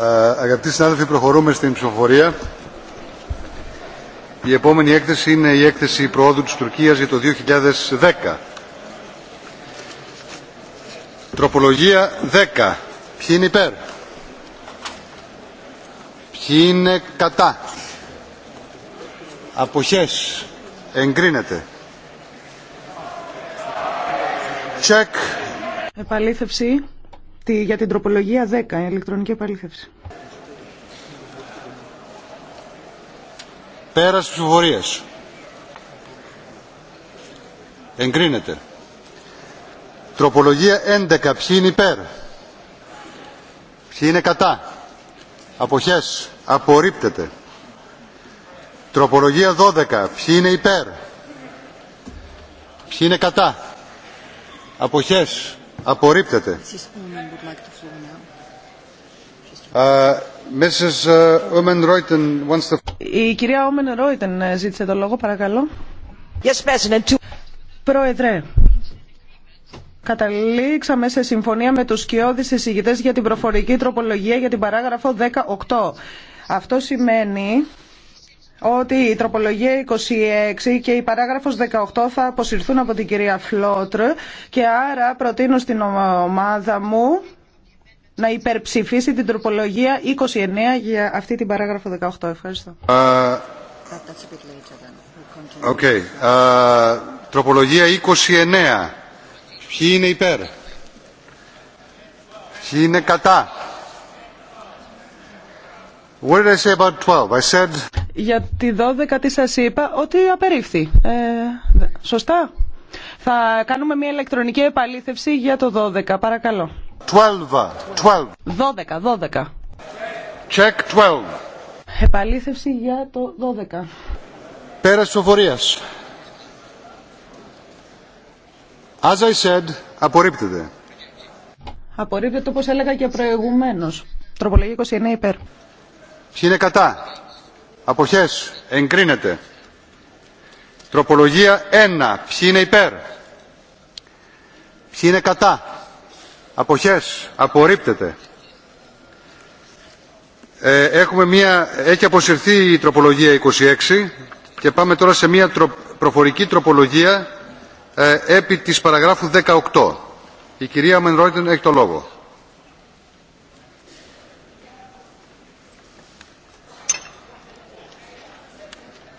Ε, αγαπητοί συνάδελφοι, προχωρούμε στην ψηφοφορία. Η επόμενη έκθεση είναι η έκθεση προόδου της Τουρκίας για το 2010. Τροπολογία 10. Ποιοι είναι υπέρ. Ποιοι είναι κατά. Αποχές. Εγκρίνεται. Τσεκ. Επαλήθευση για την τροπολογία 10, η ηλεκτρονική επαλήθευση. Πέρας ψηφοφορίας. Εγκρίνεται. Τροπολογία 11. Ποιοι είναι υπέρ. Ποιοι είναι κατά. Αποχές. Απορρίπτεται. Τροπολογία 12. Ποιοι είναι υπέρ. Ποιοι είναι κατά. Αποχές. Απορρίπτεται. Ε, Η κυρία Όμεν Ρόιτεν ζήτησε το λόγο, παρακαλώ. Yes, Πρόεδρε, καταλήξαμε σε συμφωνία με τους σκιώδεις εισηγητές για την προφορική τροπολογία για την παράγραφο 18. Αυτό σημαίνει ότι η τροπολογία 26 και η παράγραφος 18 θα αποσυρθούν από την κυρία Φλότρ και άρα προτείνω στην ομάδα μου να υπερψηφίσει την τροπολογία 29 για αυτή την παράγραφο 18. Ευχαριστώ. Ε, okay. Ε, τροπολογία 29. Ποιοι είναι υπέρ. Ποιοι είναι κατά. 12? Για τη 12 τι σα είπα ότι απερίφθη. Ε, σωστά. Θα κάνουμε μια ηλεκτρονική επαλήθευση για το 12. Παρακαλώ. 12. 12. 12. 12. Επαλήθευση για το 12. Πέρας ψηφοφορίας. As I said, απορρίπτεται. Απορρίπτεται όπως έλεγα και προηγουμένως. Τροπολογία 29 υπέρ. Ποιοι είναι κατά. Αποχές. Εγκρίνεται. Τροπολογία 1. Ποιοι είναι υπέρ. Ποιοι είναι κατά. Αποχές. Απορρίπτεται. Ε, έχουμε μια... Έχει αποσυρθεί η τροπολογία 26 και πάμε τώρα σε μια προφορική τροπολογία ε, επί της παραγράφου 18. Η κυρία Μενρόιτεν έχει το λόγο.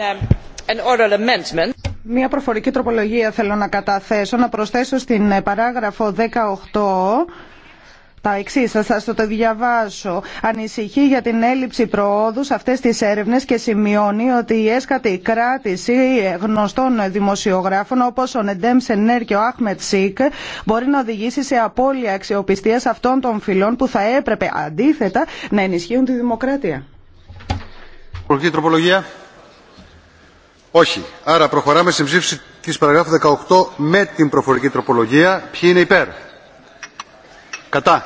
Um, Μια προφορική τροπολογία θέλω να καταθέσω, να προσθέσω στην ε, παράγραφο 18 τα εξή, θα σας το διαβάσω. Ανησυχεί για την έλλειψη προόδου σε αυτές τις έρευνε και σημειώνει ότι η έσκατη κράτηση ε, γνωστών δημοσιογράφων όπως ο Νεντέμ Σενέρ και ο Άχμετ Σίκ μπορεί να οδηγήσει σε απώλεια αξιοπιστία αυτών των φυλών που θα έπρεπε αντίθετα να ενισχύουν τη δημοκρατία. τροπολογία. Όχι. Άρα προχωράμε στην ψήφιση της παραγράφου 18 με την προφορική τροπολογία. Ποιοι είναι υπέρ. Κατά.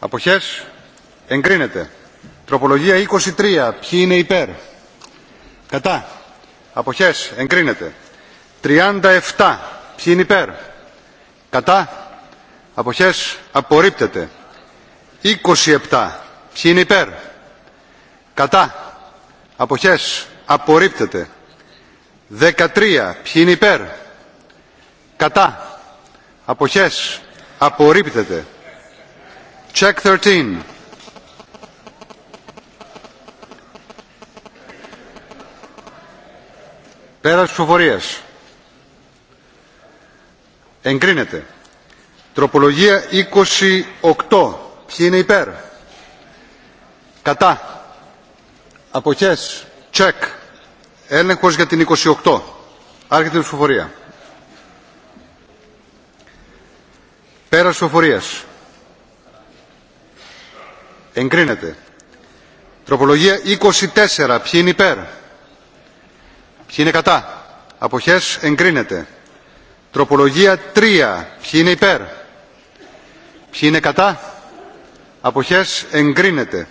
Αποχές. Εγκρίνεται. Τροπολογία 23. Ποιοι είναι υπέρ. Κατά. Αποχές. Εγκρίνεται. 37. Ποιοι είναι υπέρ. Κατά. Αποχές. Απορρίπτεται. 27. Ποιοι είναι υπέρ. Κατά. Αποχές. Απορρίπτεται. 13. Ποιοι είναι υπέρ. Κατά. Αποχές. Απορρίπτεται. Check 13. Πέρας ψηφοφορίας. Εγκρίνεται. Τροπολογία 28. Ποιοι είναι υπέρ. Κατά. Αποχές. Check. Έλεγχος για την 28. Άρχεται η ψηφοφορία. Πέρας ψηφοφορίας. Εγκρίνεται. Τροπολογία 24. Ποιοι είναι υπέρ. Ποιοι είναι κατά. Αποχές εγκρίνεται. Τροπολογία 3. Ποιοι είναι υπέρ. Ποιοι είναι κατά. Αποχές εγκρίνεται.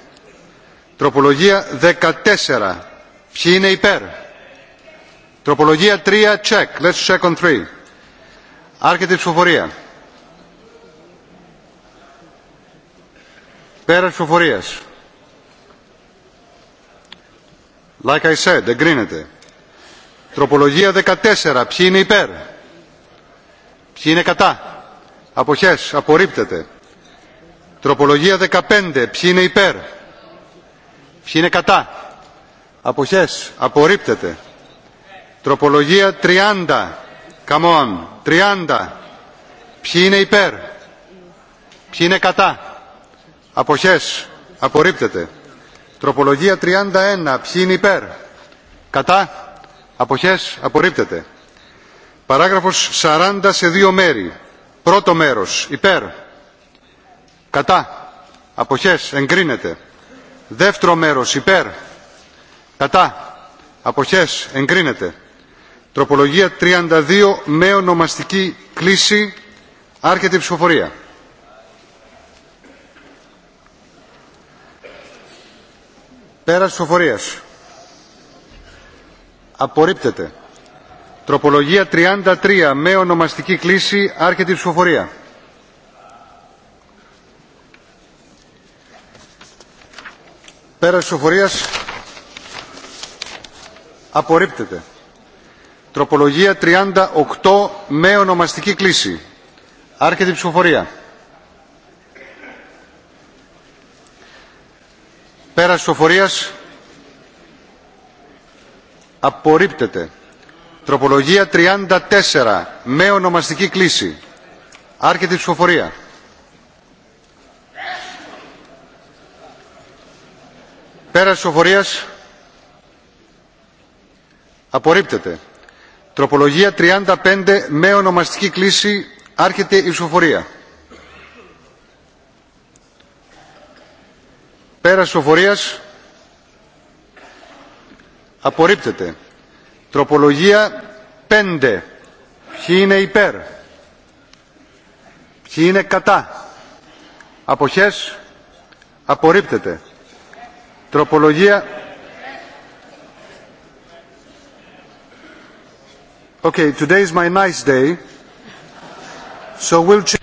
Τροπολογία 14. Ποιοι είναι υπέρ. Τροπολογία 3, check. Let's check on 3. Άρχεται η ψηφοφορία. Πέρα ψηφοφορίας. Like I said, εγκρίνεται. Τροπολογία 14. Ποιοι είναι υπέρ. Ποιοι είναι κατά. Αποχές. Απορρίπτεται. Τροπολογία 15. Ποιοι είναι υπέρ. Ποιοι είναι κατά. Αποχές. Απορρίπτεται. Τροπολογία 30. Come on. 30. Ποιοι είναι υπέρ. Ποιοι είναι κατά. Αποχές. Απορρίπτεται. Τροπολογία 31. Ποιοι είναι υπέρ. Κατά. Αποχές. Απορρίπτεται. Παράγραφος 40 σε δύο μέρη. Πρώτο μέρος. Υπέρ. Κατά. Αποχές. Εγκρίνεται. Δεύτερο μέρος. Υπέρ. Κατά. Αποχές. Εγκρίνεται. Τροπολογία 32 με ονομαστική κλίση. Άρχεται η ψηφοφορία. Πέρα ψηφοφορίας. Απορρίπτεται. Τροπολογία 33 με ονομαστική κλίση. Άρχεται η ψηφοφορία. Πέρα ψηφοφορίας. Απορρίπτεται. Τροπολογία 38 με ονομαστική κλίση. Άρχεται η ψηφοφορία. Πέρας ψηφοφορίας απορρίπτεται. Τροπολογία 34 με ονομαστική κλίση. Άρχεται η ψηφοφορία. Πέρας ψηφοφορίας απορρίπτεται. Τροπολογία 35 με ονομαστική κλίση άρχεται η ψηφοφορία. Πέρα ψηφοφορίας απορρίπτεται. Τροπολογία 5. Ποιοι είναι υπέρ. Ποιοι είναι κατά. Αποχές απορρίπτεται. Τροπολογία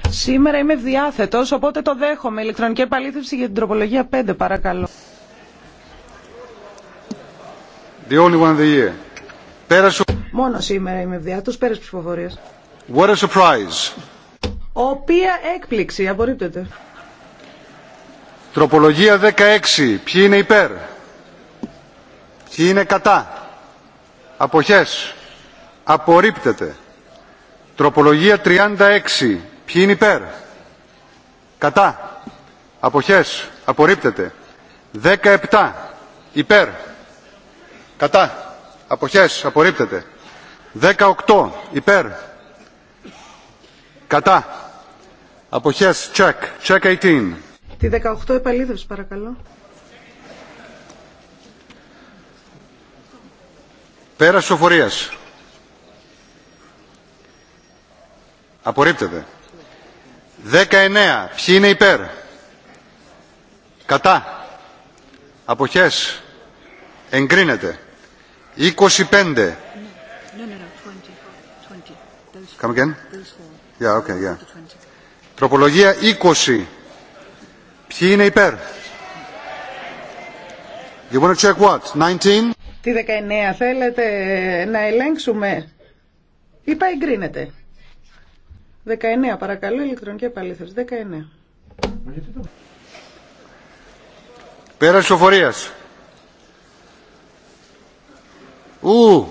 Σήμερα είμαι διάθετος, οπότε το δέχομαι. Ηλεκτρονική επαλήθευση για την τροπολογία 5, παρακαλώ. Μόνο σήμερα είμαι διάθετος, πέρας ψηφοφορίας. What a surprise. Οποία έκπληξη, απορρίπτεται. Τροπολογία 16. Ποιοι είναι υπέρ. Ποιοι είναι κατά. Αποχές. Απορρίπτεται. Τροπολογία 36. Ποιοι είναι υπέρ. Κατά. Αποχές. Απορρίπτεται. 17. Υπέρ. Κατά. Αποχές. Απορρίπτεται. 18. Υπέρ. Κατά. Αποχές. Check. Check 18. Τη 18 επαλήθευση παρακαλώ. Πέρας σοφορίας. Απορρίπτεται. 19. Ποιοι είναι υπέρ. Κατά. Αποχές. Εγκρίνεται. 25. Come again? Yeah, okay, yeah. Τροπολογία 20. Ποιοι είναι υπέρ. You want to check what? 19? Τι 19 θέλετε ε, να ελέγξουμε. Είπα εγκρίνεται. 19 παρακαλώ, ηλεκτρονική επαλήθευση. 19. Πέρα σοφορίας. Ου.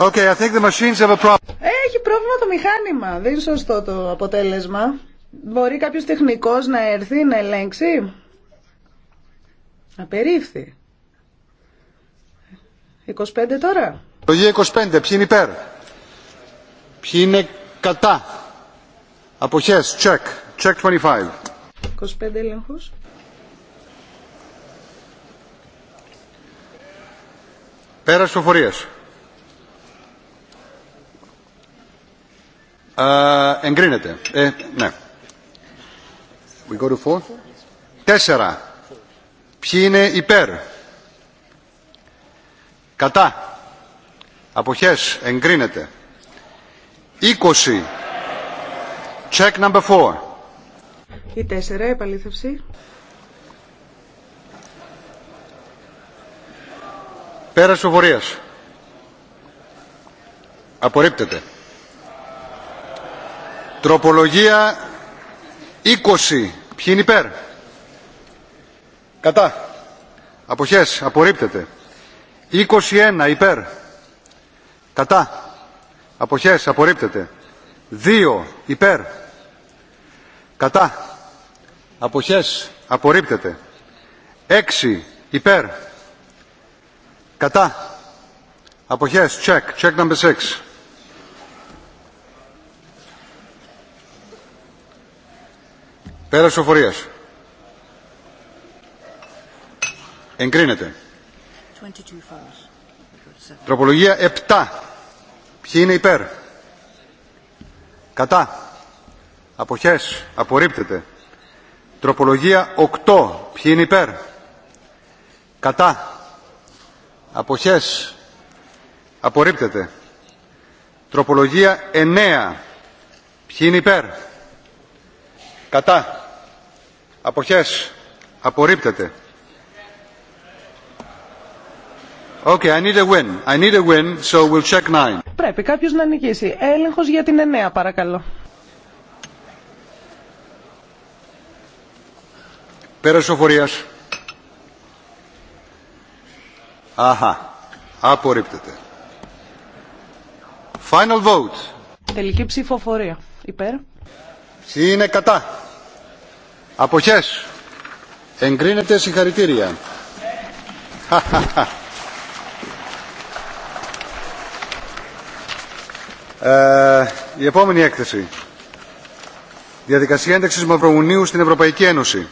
Okay, I think the machines have a problem. Ε, έχει πρόβλημα το μηχάνημα. Δεν είναι σωστό το αποτέλεσμα. Μπορεί κάποιος τεχνικός να έρθει να ελέγξει. Απερίφθη. 25 τώρα. Το 25. Ποιοι είναι υπέρ. Ποιοι είναι κατά. Αποχές. Check. Check 25. 25 έλεγχος. Πέρας φοφορίας. Uh, ε, εγκρίνεται. Ε, ναι. We go to four. Τέσσερα. Ποιοι είναι υπέρ. Κατά. Αποχές. Εγκρίνεται. 20. Check number 4. Η 4. Επαλήθευση. Πέρας Βορείας. Απορρίπτεται. Τροπολογία 20. Ποιοι είναι υπέρ. Κατά. Αποχές. Απορρίπτεται. 21. Υπέρ. Κατά. Αποχές. Απορρίπτεται. Δύο. Υπέρ. Κατά. Αποχές. Απορρίπτεται. Έξι. Υπέρ. Κατά. Αποχές. Check. Check number 6. Πέρας οφορίας. Εγκρίνεται. 22 falls. Τροπολογία 7. Ποιοι είναι υπέρ. Κατά. Αποχές. Απορρίπτεται. Τροπολογία 8. Ποιοι είναι υπέρ. Κατά. Αποχές. Απορρίπτεται. Τροπολογία 9. Ποιοι είναι υπέρ. Κατά. Αποχές. Απορρίπτεται. Okay, I need a win. I need a win, so we'll check nine. Πρέπει κάποιος να νικήσει. Έλεγχος για την εννέα, παρακαλώ. Πέρα οφορίας. Αχα. Απορρίπτεται. Final vote. Τελική ψηφοφορία. Υπέρ. Ποιοι είναι κατά. Αποχές. Εγκρίνεται συγχαρητήρια. Ε, η επόμενη έκθεση. Διαδικασία ένταξης Μαυρομουνίου στην Ευρωπαϊκή Ένωση.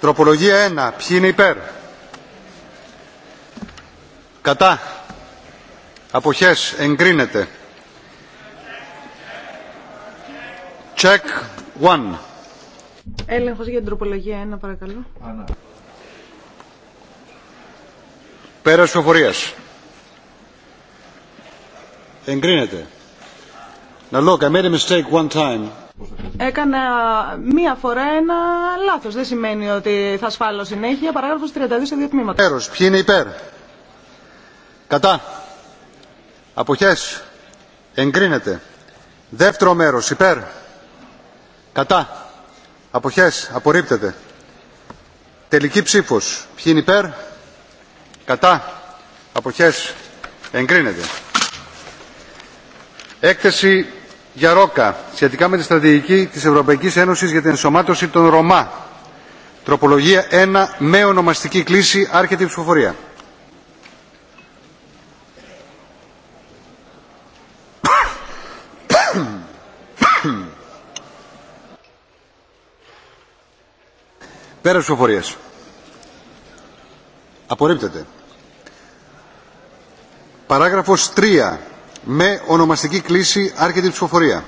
Τροπολογία 1. Ποιοι είναι υπέρ. Κατά. Αποχές. Εγκρίνεται. Check 1. Έλεγχος για την τροπολογία 1 παρακαλώ. Πέρας οφορία. Εγκρίνεται. Έκανα μία φορά ένα λάθος. Δεν σημαίνει ότι θα ασφάλω συνέχεια. Παράγραφος 32 σε δύο τμήματα. Πέρος. Ποιοι είναι υπέρ. Κατά. Αποχές. Εγκρίνεται. Δεύτερο μέρος. Υπέρ. Κατά. Αποχές. Απορρίπτεται. Τελική ψήφος. Ποιοι είναι υπέρ. Κατά. Αποχές. Εγκρίνεται. Έκθεση Γιαρόκα σχετικά με τη στρατηγική της Ευρωπαϊκής Ένωσης για την ενσωμάτωση των Ρωμά. Τροπολογία 1 με ονομαστική κλίση άρχεται η ψηφοφορία. Πέρα ψηφοφορίας. Απορρίπτεται. Παράγραφος 3 με ονομαστική κλήση άρχεται η ψηφοφορία.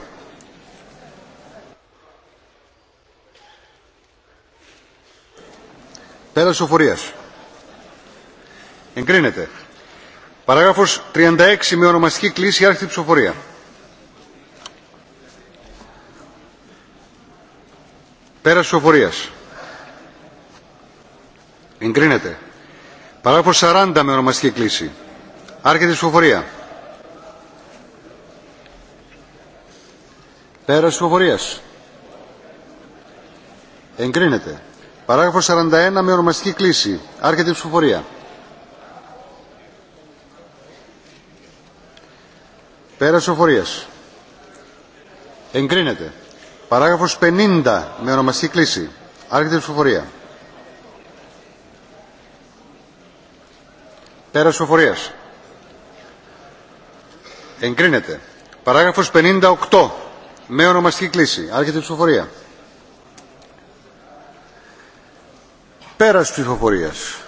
Πέρα ψηφοφορίας. Εγκρίνεται. Παράγραφος 36 με ονομαστική κλήση άρχεται η ψηφοφορία. Πέρα ψηφοφορίας. Εγκρίνεται. Παράγραφος 40 με ονομαστική κλίση. Άρχεται η ψηφοφορία. Πέρας φοβορίας. Εγκρίνεται. Παράγραφος 41 με ονομαστική κλίση. Άρχεται η ψηφοφορία. Πέρας φοβορίας. Εγκρίνεται. Παράγραφος 50 με ονομαστική κλίση. Άρχεται η ψηφοφορία. Πέρας φοβορίας. Εγκρίνεται. Παράγραφος 58 με ονομαστική κλίση. Άρχεται η ψηφοφορία. Πέρας ψηφοφορίας.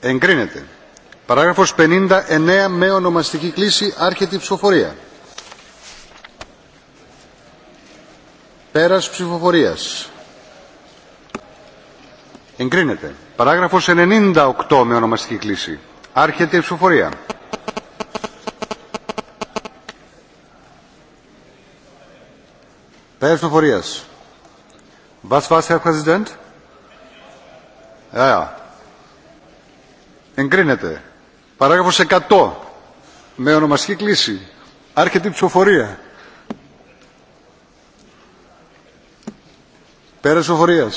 Εγκρίνεται. Παράγραφος 59 με ονομαστική κλίση. Άρχεται η ψηφοφορία. Πέρας ψηφοφορία. Εγκρίνεται. Παράγραφος 98 με ονομαστική κλίση. Άρχεται η ψηφοφορία. Πέρας ψηφοφορία. Was war's, Herr Präsident? Εγκρίνεται. Παράγραφος 100. Με ονομαστική κλίση. Άρχεται η ψηφοφορία. Πέρα ψηφοφορία.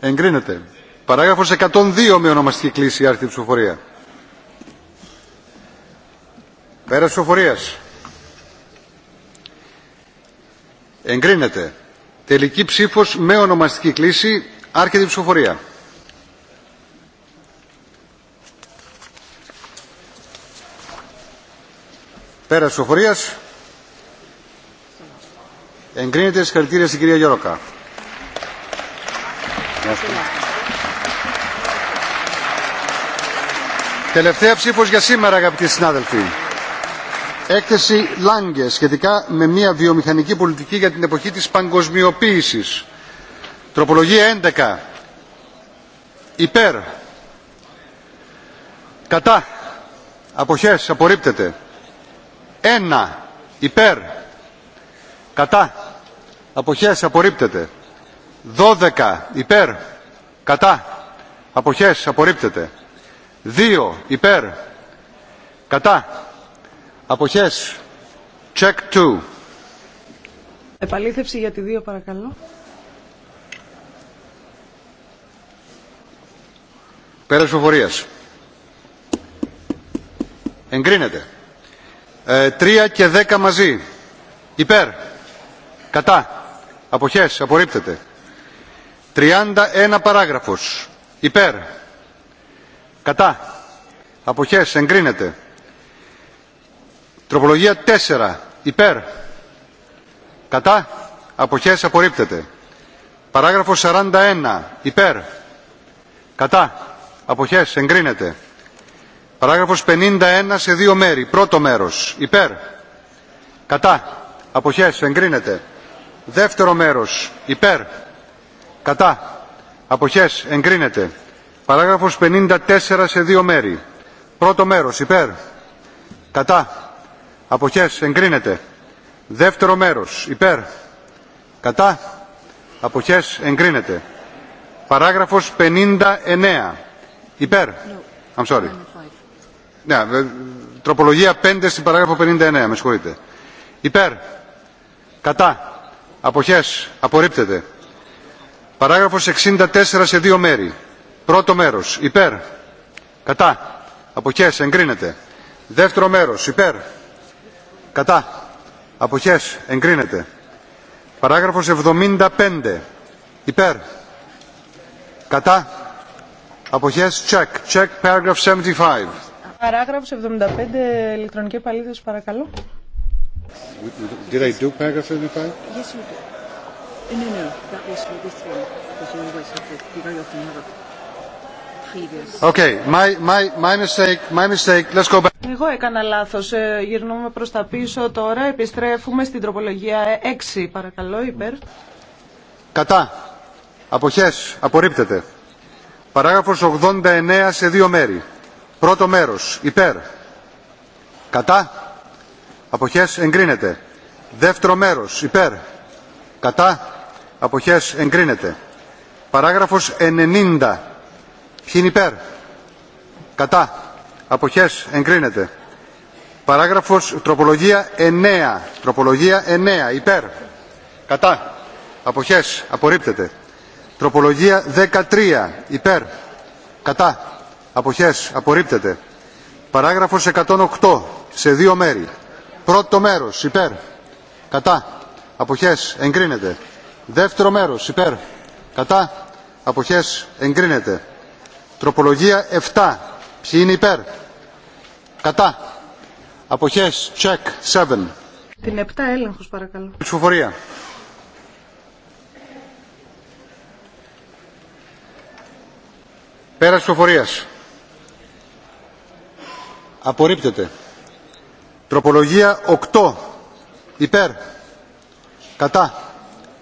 Εγκρίνεται. Παράγραφος 102 με ονομαστική κλίση. Άρχεται η ψηφοφορία. Πέρα ψηφοφορίας. Εγκρίνεται. Τελική ψήφος με ονομαστική κλίση. Άρχεται η ψηφοφορία. Πέρα ψηφοφορίας. Εγκρίνεται. Συγχαρητήρια στην κυρία Γιώροκα. Τελευταία ψήφος για σήμερα αγαπητοί συνάδελφοι. Έκθεση Λάγκε σχετικά με μια βιομηχανική πολιτική για την εποχή της παγκοσμιοποίησης. Τροπολογία 11. Υπέρ. Κατά. Αποχές. Απορρίπτεται. 1. Υπέρ. Κατά. Αποχές. Απορρίπτεται. 12. Υπέρ. Κατά. Αποχές. Απορρίπτεται. 2. Υπέρ. Κατά Αποχές. Check 2. Επαλήθευση για τη 2 παρακαλώ. Πέρας φοφορίας. Εγκρίνεται. 3 ε, και 10 μαζί. Υπέρ. Κατά. Αποχές. Απορρίπτεται. 31 παράγραφος. Υπέρ. Κατά. Αποχές. Εγκρίνεται. Τροπολογία 4. Υπέρ. Κατά. Αποχές απορρίπτεται. Παράγραφος 41. Υπέρ. Κατά. Αποχές εγκρίνεται. Παράγραφος 51 σε δύο μέρη. Πρώτο μέρος. Υπέρ. Κατά. Αποχές εγκρίνεται. Δεύτερο μέρος. Υπέρ. Κατά. Αποχές εγκρίνεται. Παράγραφος 54 σε δύο μέρη. Πρώτο μέρος. Υπέρ. Κατά. Αποχές εγκρίνεται. Δεύτερο μέρος. Υπέρ. Κατά. Αποχές εγκρίνεται. Παράγραφος 59. Υπέρ. No. I'm sorry. Ναι, τροπολογία 5 στην παράγραφο 59. Με συγχωρείτε. Υπέρ. Κατά. Αποχές. Απορρίπτεται. Παράγραφος 64 σε δύο μέρη. Πρώτο μέρος. Υπέρ. Κατά. Αποχές. Εγκρίνεται. Δεύτερο μέρος. Υπέρ Κατά. Αποχές. Εγκρίνεται. Παράγραφος 75. Υπέρ. Κατά. Αποχές. Check. Check. Paragraph 75. Παράγραφος 75. Ηλεκτρονική επαλήθευση παρακαλώ. Did I do paragraph 75? Yes, you did. No, no, no. that was for this one. Because you always have to, be very often have a Okay, my, my, my mistake, my mistake. Let's go back. Εγώ έκανα λάθος. Ε, γυρνούμε προς τα πίσω τώρα. Επιστρέφουμε στην τροπολογία 6. Παρακαλώ, υπέρ. Κατά. Αποχές. Απορρίπτεται. Παράγραφος 89 σε δύο μέρη. Πρώτο μέρος. Υπέρ. Κατά. Αποχές. Εγκρίνεται. Δεύτερο μέρος. Υπέρ. Κατά. Αποχές. Εγκρίνεται. Παράγραφος 90 Ποιοι είναι υπέρ. Κατά. Αποχές. Εγκρίνεται. Παράγραφος τροπολογία 9. Τροπολογία 9. Υπέρ. Κατά. Αποχές. Απορρίπτεται. Τροπολογία 13. Υπέρ. Κατά. Αποχές. Απορρίπτεται. Παράγραφος 108. Σε δύο μέρη. Πρώτο μέρος. Υπέρ. Κατά. Αποχές. Εγκρίνεται. Δεύτερο μέρος. Υπέρ. Κατά. Αποχές. Εγκρίνεται Τροπολογία 7. Ποιοι είναι υπέρ. Κατά. Αποχές. Check. 7. Την 7 έλεγχος παρακαλώ. Ψηφοφορία. Πέρα ψηφοφορίας. Απορρίπτεται. Τροπολογία 8. Υπέρ. Κατά.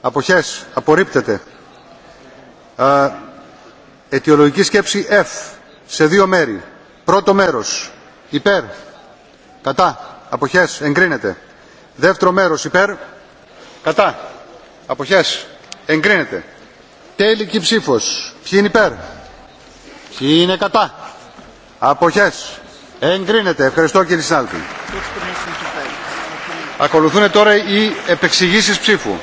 Αποχές. Απορρίπτεται. Αιτιολογική σκέψη F σε δύο μέρη. Πρώτο μέρος υπέρ, κατά, αποχές, εγκρίνεται. Δεύτερο μέρος υπέρ, κατά, αποχές, εγκρίνεται. Τέλικη ψήφος. Ποιοι είναι υπέρ, ποιοι είναι κατά, αποχές, εγκρίνεται. Ευχαριστώ κύριε Σάλτη. Ακολουθούν τώρα οι επεξηγήσεις ψήφου.